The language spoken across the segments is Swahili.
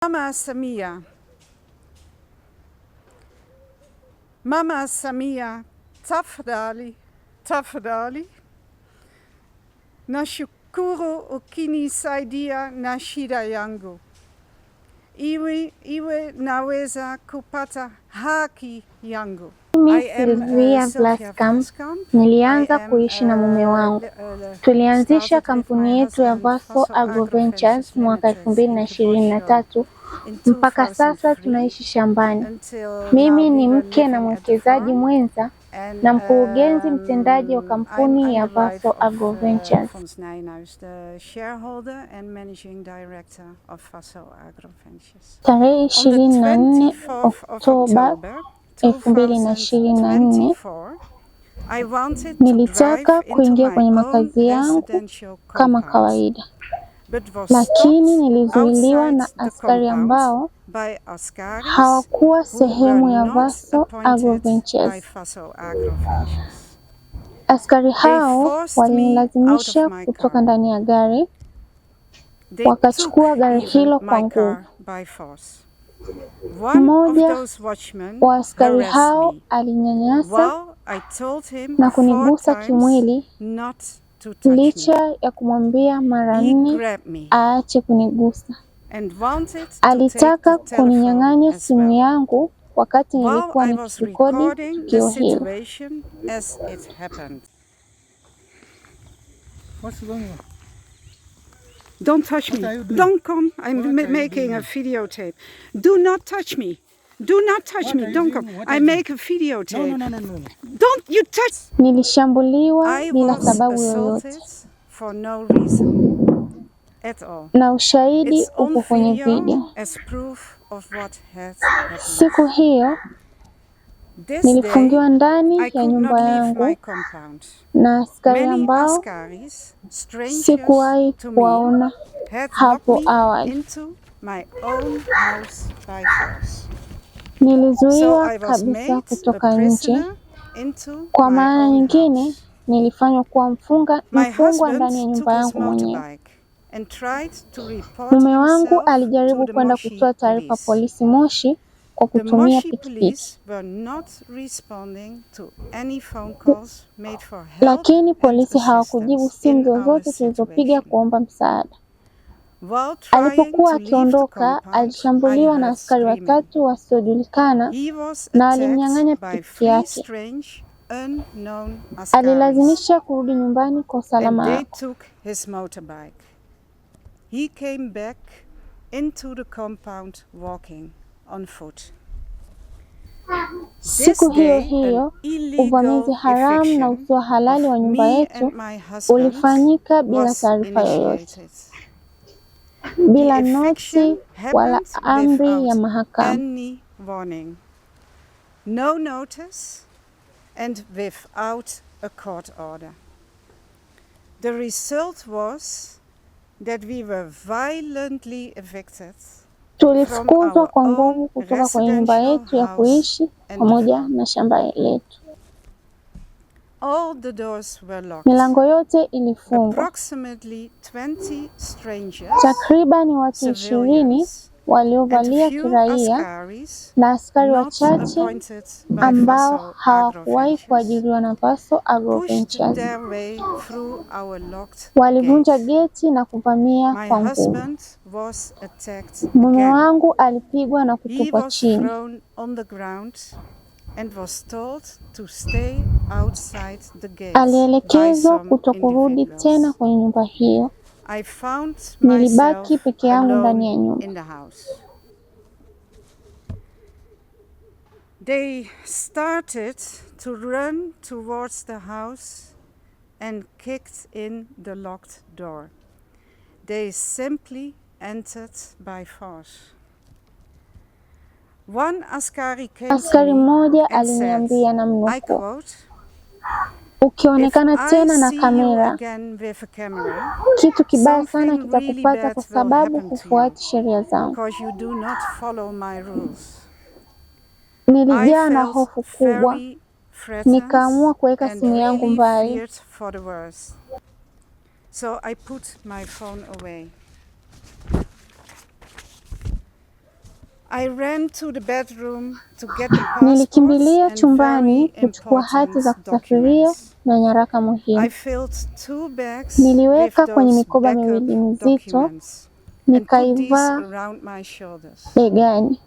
Mama Samia, Mama Samia, tafadhali tafadhali, nashukuru ukinisaidia na shida yangu, iwe iwe naweza kupata haki yangu. Mimi Silvia Vlascam nilianza kuishi na uh, mume wangu. Uh, Tulianzisha kampuni yetu ya Vasco Agro Ventures mwaka elfu mbili na ishirini na tatu mpaka sasa tunaishi shambani. Mimi ni mke na mwekezaji mwenza na mkurugenzi um, mtendaji wa kampuni ya Vasco Agro Ventures. Tarehe ishirini na nne Oktoba elfu mbili na ishirini na nne nilitaka kuingia kwenye makazi yangu kama kawaida, lakini nilizuiliwa na askari ambao hawakuwa sehemu ya Vaso Agroventures. Askari hao walinilazimisha kutoka ndani ya gari, wakachukua gari hilo kwa nguvu. Mmoja wa askari hao alinyanyasa na kunigusa kimwili licha ya kumwambia mara nne aache kunigusa. Alitaka kuninyang'anya simu yangu wakati nilikuwa nikirekodi tukio hilo. Don't touch me. Don't come. I'm ma making a videotape. Do not touch me. Do not touch me. Don't come. I make a videotape. No, no, no, no, no. Don't you touch. Nilishambuliwa bila sababu yoyote. For no reason at all. Na ushahidi uko kwenye video. As proof of what has happened. Siku hiyo nilifungiwa ndani ya nyumba yangu na askari ambao Sikuwahi kuwaona hapo awali. Nilizuiwa kabisa kutoka nje. Kwa maana nyingine, nilifanywa kuwa mfunga mfungwa ndani ya nyumba yangu mwenyewe. Mume wangu alijaribu kwenda kutoa taarifa polisi Moshi kwa kutumia pikipiki. Lakini polisi hawakujibu simu zozote zilizopiga kuomba msaada. Alipokuwa akiondoka, alishambuliwa na askari watatu wasiojulikana na alimnyang'anya pikipiki yake. Alilazimisha kurudi nyumbani kwa usalama wako. He came back into the compound walking on foot. Siku hiyo hiyo uvamizi haramu na usio halali wa nyumba yetu ulifanyika bila taarifa yoyote, bila noti wala amri ya mahakama. No notice and without a court order. The result was that we were violently evicted Tulifukuzwa kwa nguvu kutoka kwenye nyumba yetu ya kuishi pamoja na shamba letu. Milango yote ilifungwa. takriban watu ishirini waliovalia kiraia na askari wachache ambao hawakuwahi kuajiriwa na Paso Agroventure's. Walivunja geti na kuvamia kwa nguvu. Mume wangu alipigwa na kutupwa chini. Alielekezwa kutokurudi tena kwenye nyumba hiyo. Nilibaki peke yangu ndani ya nyumba. They started to run towards the house and kicked in the locked door. They simply entered by force. One askari came askari mmoja aliniambia namnukuu Ukionekana tena na kamera, kitu kibaya sana kitakupata kwa sababu hufuati sheria zangu. Nilijaa na hofu kubwa, nikaamua kuweka simu yangu mbali. So I put my phone away. Nilikimbilia chumbani kuchukua hati za kusafiria na nyaraka muhimu. Niliweka kwenye mikoba miwili mizito, nikaivaa begani.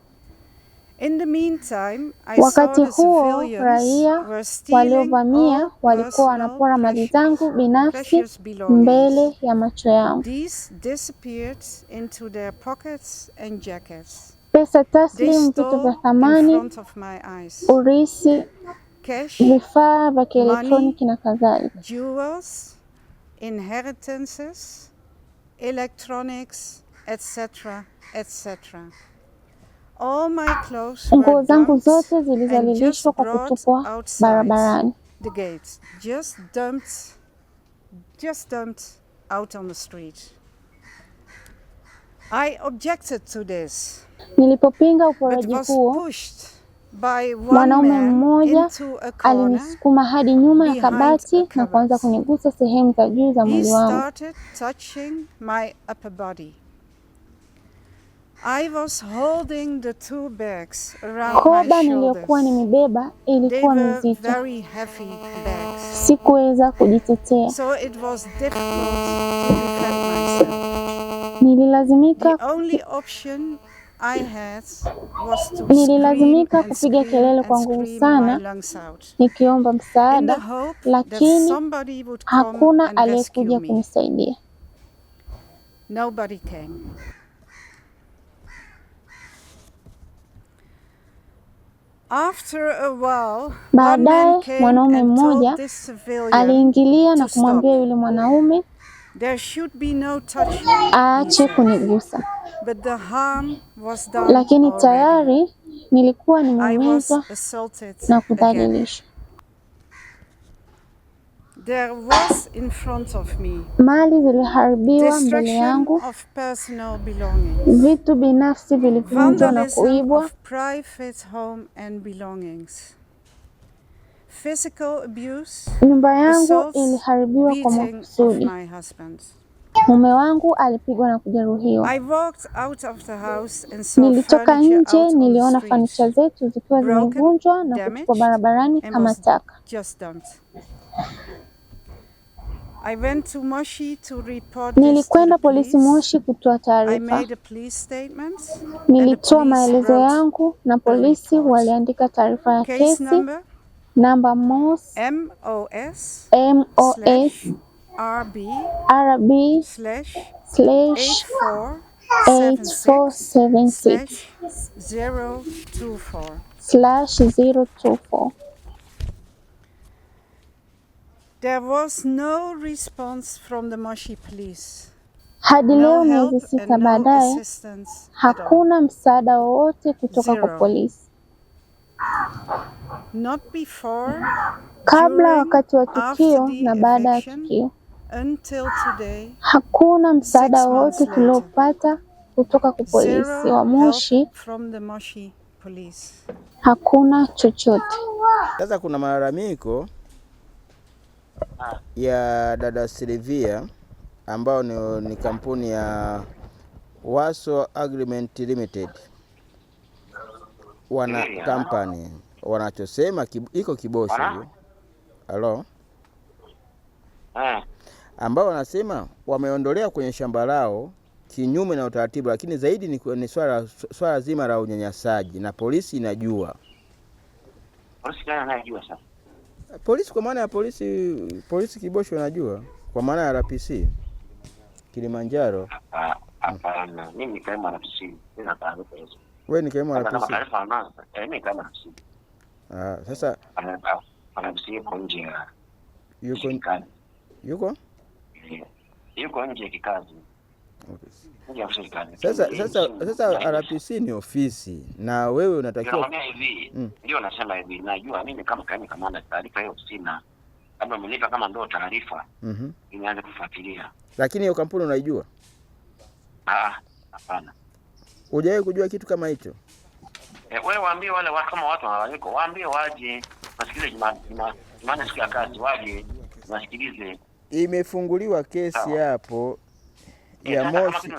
Wakati huo raia waliovamia walikuwa wanapora mali zangu binafsi mbele ya macho yangu pesa taslimu, vitu vya thamani, urisi, vifaa vya kielektroniki na kadhalika. nguo zangu zote zilizalilishwa kwa kutupwa barabarani. The gates just dumped, just dumped out on the street. I objected to this. Nilipopinga uporaji huo, mwanaume mmoja alinisukuma hadi nyuma ya kabati na kuanza kunigusa sehemu za juu za mwili wangu. Koba niliyokuwa nimebeba ilikuwa mizito, sikuweza kujitetea. So nililazimika Nililazimika kupiga kelele kwa nguvu sana nikiomba msaada, lakini hakuna aliyekuja kunisaidia. Baadaye mwanaume mmoja aliingilia na kumwambia yule mwanaume There should be no touch. Aache kunigusa. But the harm was done. Lakini tayari nilikuwa nimeumizwa na kudhalilishwa. There was in front of me. Mali ziliharibiwa mbele yangu, vitu binafsi vilivunjwa na kuibwa. private home and belongings nyumba yangu iliharibiwa kwa makusudi. Mume wangu alipigwa na kujeruhiwa. Nilitoka nje, niliona fanicha zetu zikiwa zimevunjwa na kutupwa barabarani kama taka. Nilikwenda polisi Moshi kutoa taarifa. Nilitoa maelezo yangu na polisi waliandika taarifa ya kesi number, namba mos mos rb rb 8476/024 There was no response from the Moshi police. Hadi leo miezi sita baadaye, hakuna msaada wowote kutoka kwa polisi. Not before, kabla, wakati wa tukio na baada ya tukio. Hakuna msaada wowote tuliopata kutoka kwa polisi wa Moshi, hakuna chochote. Sasa kuna malalamiko ya dada Silvia ambayo ni, ni kampuni ya Waso Agreement Limited, wana kampani wanachosema kib, iko Kibosho hiyo. Halo. Ah. Ambao wanasema wameondolea kwenye shamba lao kinyume na utaratibu, lakini zaidi ni, ni swala, swala zima la unyanyasaji na polisi inajua. Polisi kana anajua sasa. Polisi kwa maana ya polisi polisi Kibosho anajua kwa maana ya RPC Kilimanjaro. Hapana, mimi kama RPC sina taarifa hizo. Wewe ni kama RPC. Eh, mimi kama RPC. Ah, sasa ah, yuko nje ya yuko yuko yuko nje ya kikazi. Okay. Sasa, sasa, sasa RPC ni ofisi na wewe unatakiwa hivi. Mm. Ndio nasema hivi, najua mimi kama kaimu kamanda taarifa hiyo sina, labda umenipa kama ndio taarifa mm -hmm. Nianze kufuatilia, lakini hiyo kampuni unaijua? Ah, hapana, hujawahi kujua kitu kama hicho. Eh, wewe waambie wale watu kama watu malalamiko, waambie waje wasikilize Jumanne siku ya kazi, waje wasikilize. Imefunguliwa kesi hapo eh, ya Moshi,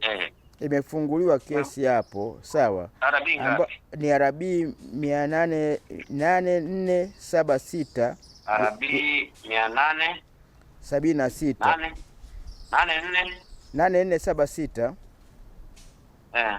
eh. imefunguliwa kesi hapo sawa, Amba, ni arabi mia nane nane nne saba sita arabi mia nane sabini na sita nane nne saba sita eh